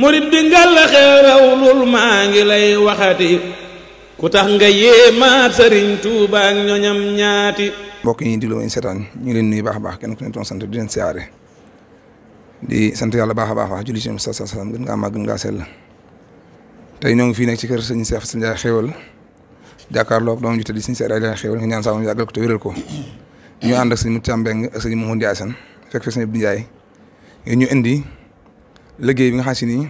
murit bi ngalla xeerew lul maa ngi lay waxati ku tax nga yéemaat sëriñ Tuuba ak ñoñam ñaati mbokk yi di loo ñu seetaan ñu ngi leen nuyu baax baax kenn ku ne toon sant di leen siyaare di sant yàlla baax a baax wax julli ci sa sa salaam gën ngaa màgg gën ngaa sell fii nekk ci kër sëñ Cheikh Sëñ Ndiaye xéewal jàkkaarloog doom ju tëdd siñ Cheikh Ndiaye xéewal nga ñaan saa moom yàggal ko te wéral ko ñu ànd ak sëñ Mucaa Mbeng ak sëñ Mouhou Ndiaye Sène fekk fi sëñ Abdou Ndiaye ñu indi liggéey bi nga xam si nii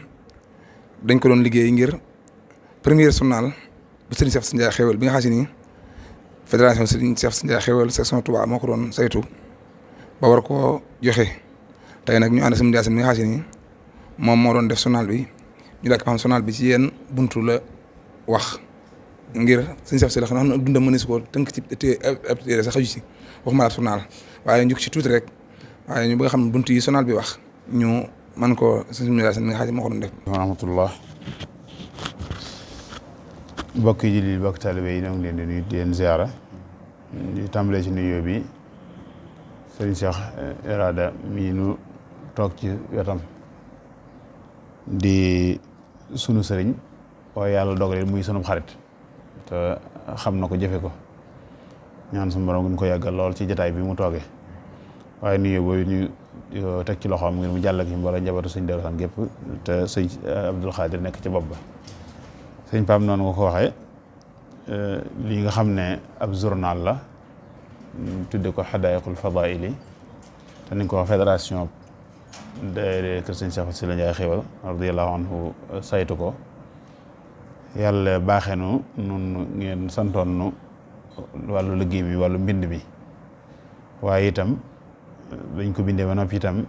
dañ ko doon liggéey ngir première journal bu Serigne Cheikh Ndiaye xewal bi nga xam si nii fédération Serigne Cheikh Ndiaye xewal section Touba moo ko doon saytu ba war koo joxe tey nag ñu ànd si Ndiaye bi nga xam si nii moom moo doon def journal bi ñu daal ko xam journal bi ci yenn buntu la wax ngir Serigne Cheikh si la xam ne dundam mënees koo tënk ci ab téere sax xaju si waxuma la journal waaye ñu ko ci tuuti rek waaye ñu bëgg xam buntu yi journal bi wax ñu. man koo sëñ bi daal seen xaaj ma ko doon def. rahmatullah mbokk yi jullit mbokk taalibe yi ñoo ngi leen nu nuyu di tàmbalee ci nuyoo bi sëriñ Cheikh Irada eh, mii nu toog ci wetam di sunu sëriñ waaye yàlla dogalee muy sunu xarit te xam na ko jëfe ko ñaan sunu borom gën ko yàggal lool ci jataay bi mu toogee waaye nuyoo boobu ñu. teg ci loxoom ngir mu jàll ak ñim wala njabootu sëñ Darou gépp te sëñ eh, Abdoul Khadir nekk ci bopp ba sëñ Pape noonu nga ko waxee eh, lii nga xam ne ab journal la tudde ko xadaayqul fadaili te ni ko wax de kër sëñ Cheikh si la Ndiaye xéwal radiallahu anhu saytu ko yàlla baaxee nu nun ngeen santoon nu wàllu liggéey bi wàllu mbind mi waaye itam bañ ko bindee ba noppi itam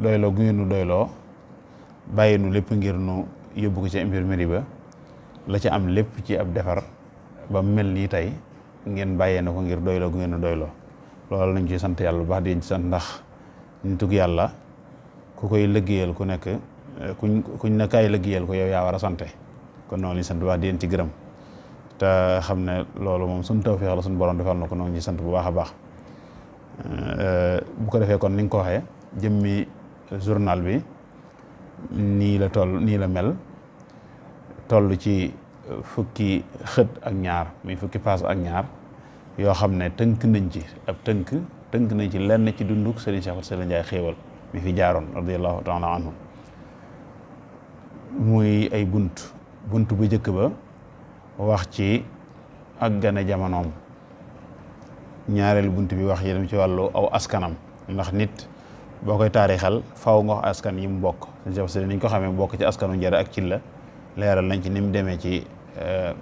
doyloo gu ngeen nu doyloo bàyyee nu lépp ngir nu yóbbu ko ci infirmerie ba la ci am lépp ci ab defar ba mu mel nii tey ngeen bàyyee na ko ngir doyloo gu ngeen nu doyloo loolu nañ ciy sant yàlla bu baax di ci sant ndax ñu tugg yàlla ku koy lëggéeyal ku nekk kuñ kuñ na kaay lëggéeyal ko yow yaa war a sante ko noonu lañ sant bu baax di ci gërëm te xam ne loolu moom suñ tawfeex la suñ borom defal na ko noonu ñu sant bu baax a baax Euh, bu ko defee kon ni nga ko waxee jëmmi journal bi nii la toll nii la mel toll ci euh, fukki xët ak ñaar muy fukki paas ak ñaar yoo xam ne tënk nañ ci ab tënk tënk nañ ci lenn ci dunduk Serigne Cheikh Sëriñ Ndiaye xéewal mi fi jaaroon radiyallahu taala anhu muy ay bunt bunt bu njëkk ba wax ci ak gane jamonoom ñaareelu bunt bi wax yéen ci wàllu aw askanam ndax nit boo koy taarixal faw nga askan yi mu bokk suñu si niñ ko xamee bokk ci askanu njare ak cilla leeral nañ ci ni mu demee ci euh,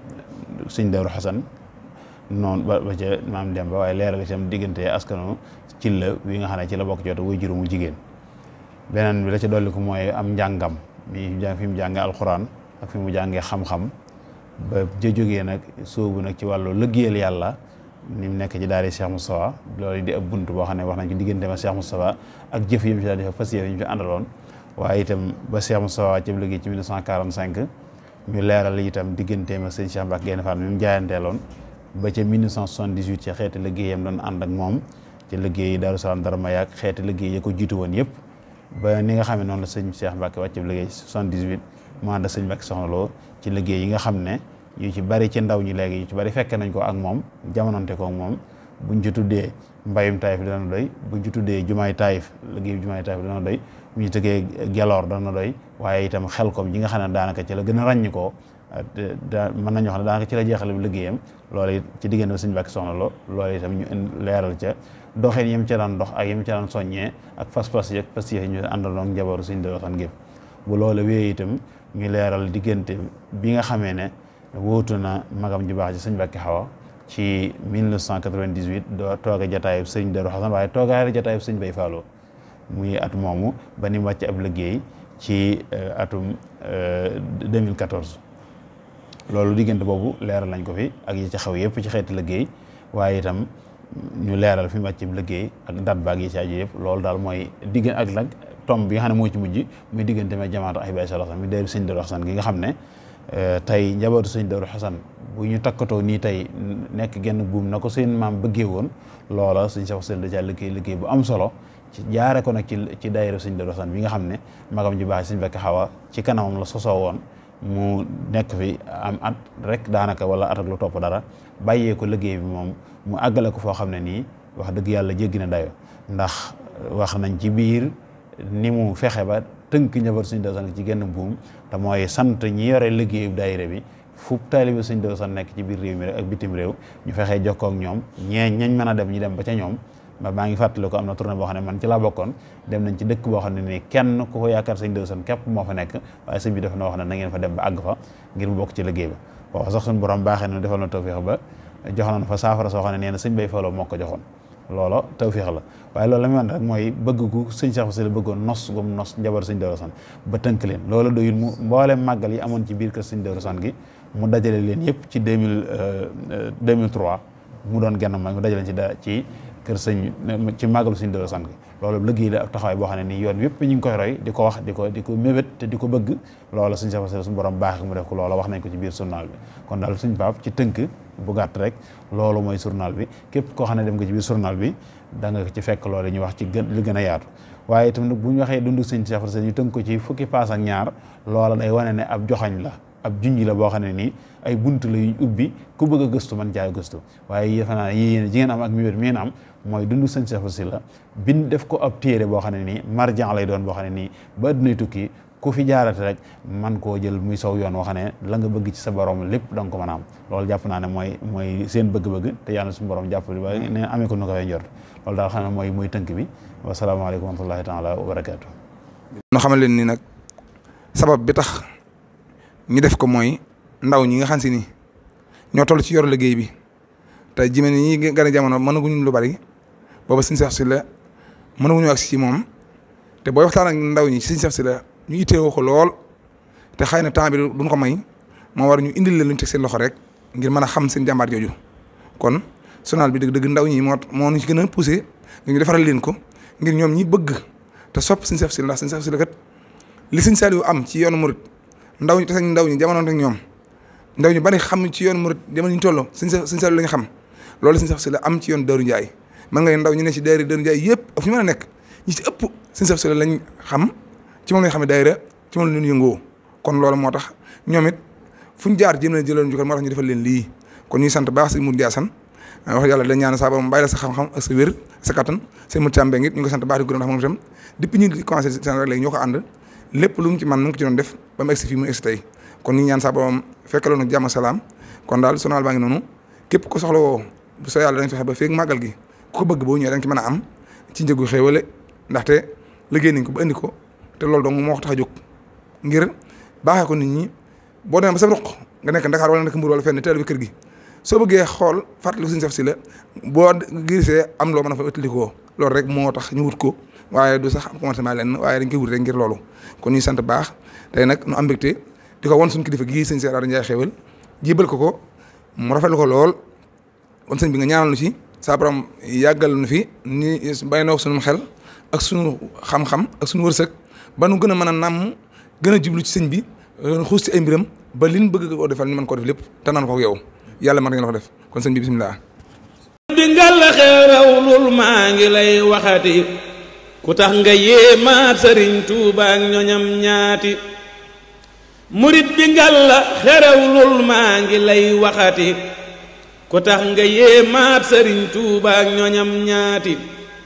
sëñ Daaru Xasan noon ba ba ca maam Demba waaye leeral itam diggante askanu cilla wi nga xam ne ci la bokk jot way juróomu jigéen beneen bi la ci dolli ko mooy am njàngam mi jàng fi mu jàngee alxuraan ak fi mu jàngee xam-xam ba ja jógee nag sóobu nag ci wàllu liggéeyal yàlla ni mu nekk ci daara Cheikh Moustapha loolu di ab bunt boo xam ne wax nañ ci diggante ma Cheikh Moustapha ak jëf yi mu ci daal def fas yéene yi mu ci àndaloon waaye itam ba Cheikh Moustapha ci itam digganteem ak sëñ Cheikh Mbacke Gaïndé Fatma mi mu jaayanteeloon ba ca 1978 ci xeeti liggéeyam doon ànd ak moom ci liggéey Daaru Salaam dara ma yàgg xeeti liggéey ya ko jiitu woon yëpp ba ni nga xam ne noonu la sëñ Cheikh Mbacke wàcc ci liggéey 78 mu ànd Lo ci liggéey yi nga xam ne yu ci bari ci ndaw ñi léegi yu ci bari fekke nañ ko ak moom jamonante ko ak moom buñ ci tuddee mbayum taayif dana doy buñ ci tuddee jumaay taayif liggéey jumaay taayif dana doy bu ñu tëggee doy waaye itam xel kom ji nga xam ne daanaka ci la gën a ràññ koo mën nañoo xam ne ci la jeexal liggéeyam loolu it ci diggante suñu bàkki soxna lo loolu itam ñu leeral ca doxin yam ca daan dox ak yam ca daan soññee ak fas-fas yeeg fas yi ñu àndandoo ak njaboru suñ doo xam gépp bu loolu wéyee itam ñu leeral diggante bi nga xamee ne wóotu na magam ju baax ci sëñ Mbàkke Xawa ci cent 1998 doo tooga jataayub sëñ Darou Xasan waaye toogaale jataayub sëñ Bay Fallou muy at moomu ba ni mu wàcc ab liggéey ci eh, atum 2014 eh, loolu diggante boobu leeral lañ ko fi ak yi ci xaw yëpp ci xeet liggéey waaye itam ñu leeral fi mu wàcc ab liggéey ak dat baag yi ci aju yëpp loolu daal mooy diggan ak nag tomb bi nga xam ne moo ci mujj muy diggante ma jamaatu Ahibahil Sallallaahu alayhi wa sallam mi deeru sëñ nga xam ne Euh, tey njabootu suñ Daaru Xasan bu ñu takkatoo nii tey nekk genn buum na ko seen maam bëggee woon loola sëñ Cheikh Sall da ca liggéey liggéey bu am solo ci jaare ko nag ci ci daayira sëñ Daaru Xasan bi nga xam ne magam ji baax sëñ Mbàkke Xawa ci kanamam la sosoo woon mu nekk fi am at rek daanaka wala at ak lu topp dara bàyyee ko liggéey bi moom mu àggale ko foo xam ne nii wax dëgg yàlla jéggi na dayo ndax wax nañ ci ni mu fexe ba tënk njabar sëñ Daaru Asan ci genn buum te mooy sant ñi yore liggéeyu daayira bi fu taalibe sëñ Daaru Asan nekk ci biir réew mi rek bitim réew ñu fexee jokkoo ak ñoom ñee ñañ mën a dem ñu dem ba ca ñoom maa ngi fàttaliku am na tournée boo xam ne man ci laa bokkoon dem nañ ci dëkk boo xam ne nii kenn ku ko yaakaar sëñ Daaru Asan képp moo fa nekk waaye sëñ bi na wax ne na ngeen fa dem ba àgg fa ngir mu bokk ci liggéey ba waaw sax suñu borom baaxee na defal na tawfeex ba joxoon fa saafara soo xam ne nee na sëñ bay faloo moo ko joxoon loola tawféex la waaye loolu la muy wan rek mooy bëgg gu sëñ Cheikh Fassila bëggoon nos gum nos njabar sëñ Darou Assane ba tënk leen loolo doyul mu mbooleem màggal yi amoon ci biir kër sëñ Darou Assane gi mu dajale leen yëpp ci deux mille euh, euh, deux mille trois mu doon genn mag mu dajale leen ci da ci kër sëñ ci màggalu sëñ Daaru Sam gi loolu liggéey la ak taxawaay boo xam ne nii yoon yëpp ñu ngi koy roy di ko wax di ko di ko mébét te di ko bëgg loola suñ safas suñu borom baax mu def ko loola wax nañ ko ci biir journal bi kon daal suñ baab ci tënk bu gàtt rek loolu mooy journal bi képp koo xam ne dem ko ci biir journal bi da ci fekk loolu ñu wax ci gën gën a yaatu waaye itam nag bu ñu waxee dundu sëñ safas ñu tënk ko ci fukki paas ak ñaar loola day wane ne ab joxañ la ab junj la boo xam ne nii ay bunt la yuñ ubbi ku bëgg a gëstu man jaay gëstu waaye defe naa yéen ji am ak miwér mi ngeen am mooy dundu sëñ Cheikh Faty Sylla bin def ko ab téere boo xam ne nii marjan lay doon boo xam ne nii ba addunay tukki ku fi jaarate rek man koo jël muy sow yoon wax ne la nga bëgg ci sa borom lépp da nga ko am loolu jàpp naa ne mooy mooy seen bëgg-bëgg te yàlla suñu borom jàpp ba ne amee ko ko fay njort loolu daal mooy mooy tënk bi wasalaamaaleykum wa rahmatullahi taala wa barakaatu. ñu xamal leen ni nag sabab bi tax ñu def ko mooy ndaw ñi nga xam si ni ñoo toll ci yoru liggéey bi te jimeen yi ñuy gën a jamono mënaguñu lu bari booba Sëriñ Seex Sylla mënaguñu agsi ci moom te booy waxtaan ndaw ñi Sëriñ Seex Sylla ñu itteewoo ko lool te xëy na temps bi duñ ko may moo war ñu indi leen luñ teg seen loxo rek ngir mën a xam seen jàmbaar jooju kon sonal bi dëgg-dëgg ndaw ñi moo moo ñu ci gën a poussé ngir ñu defaral leen ko ngir ñoom ñi bëgg te sopp Sëriñ Seex Sylla ndax Sëriñ si la kat li Sëriñ Saliou am ci yoonu murit ndaw ñi tase ndaw ñi jamonoon ak ñoom ndaw ñu bari xam ci yoon mu jamono ñu tolloo suñ sa suñ xam loolu suñ saf la am ci yoon Daaru Njaay man nga ndaw ñu ne ci daayira Daaru Njaay yëpp fu ñu mën ëpp suñ saf si la lañ xam ci moom lañ xam ne daayira ci moom lañ yëngoo kon loolu moo tax ñoom it fuñ jaar jëm leen jëloon jukkal moo tax ñu defal leen lii kon ñuy sant baax si Mour Ndiassane wax yàlla dañ ñaan saa borom bàyyi la sa xam-xam ak sa wér sa kattan seen Mour Thiam Mbengue it ñu ko sant baax rek léegi ñoo ko ànd lépp lu mu ci man mu ngi ci doon def ba mu egsi fii mu egsi tey kon ñu ñaan saa borom fekkaloon ak jàmm salaam kon daal Sonatel baa ngi noonu képp ko soxla woo bu soo yàlla dañ fexe ba feeg màggal gi ko bëgg boo ñëwee da nga ci mën a am ci njëgu ndaxte liggéey nañ ko ba indi ko te loolu dong moo tax a jóg ngir baaxee ko nit ñi boo demee ba sa nga nekk Ndakaar wala nekk Mbuur wala fenn teel bi kër gi soo bëggee xool fàttali ko suñu saf si la boo gisee am loo mën a fa ëttalikoo loolu rek moo tax ñu wut ko waaye du sax am commencement lenn waaye dañ koy wut rek ngir loolu kon ñuy sant baax tey nag nu am mbégte di ko won suñ kilifa gii sëñ Cheikh Bara Ndiaye xéwal jébal ko ko mu rafetlu ko lool kon sëñ bi nga ñaanal nu ci saa borom yàggal nu fi ni bàyyi na wax suñu xel ak suñu xam-xam ak suñu ba nu gën mën a nàmm gën a jublu ci sëñ bi euh, xuus ci ay mbiram ba liñ bëgg koo defal mën koo def lépp te naan yow yàlla mën ngeen def kon sëñ bi ngal xew lul maa ngi lay waxati. ku tax nga yéemaat sëriñ tuuba ñoñam ñaati murit bi ngal la xerewlul maa ngi lay waxati ku tax nga yéemaat sëriñ tuubaak ñoñam ñaati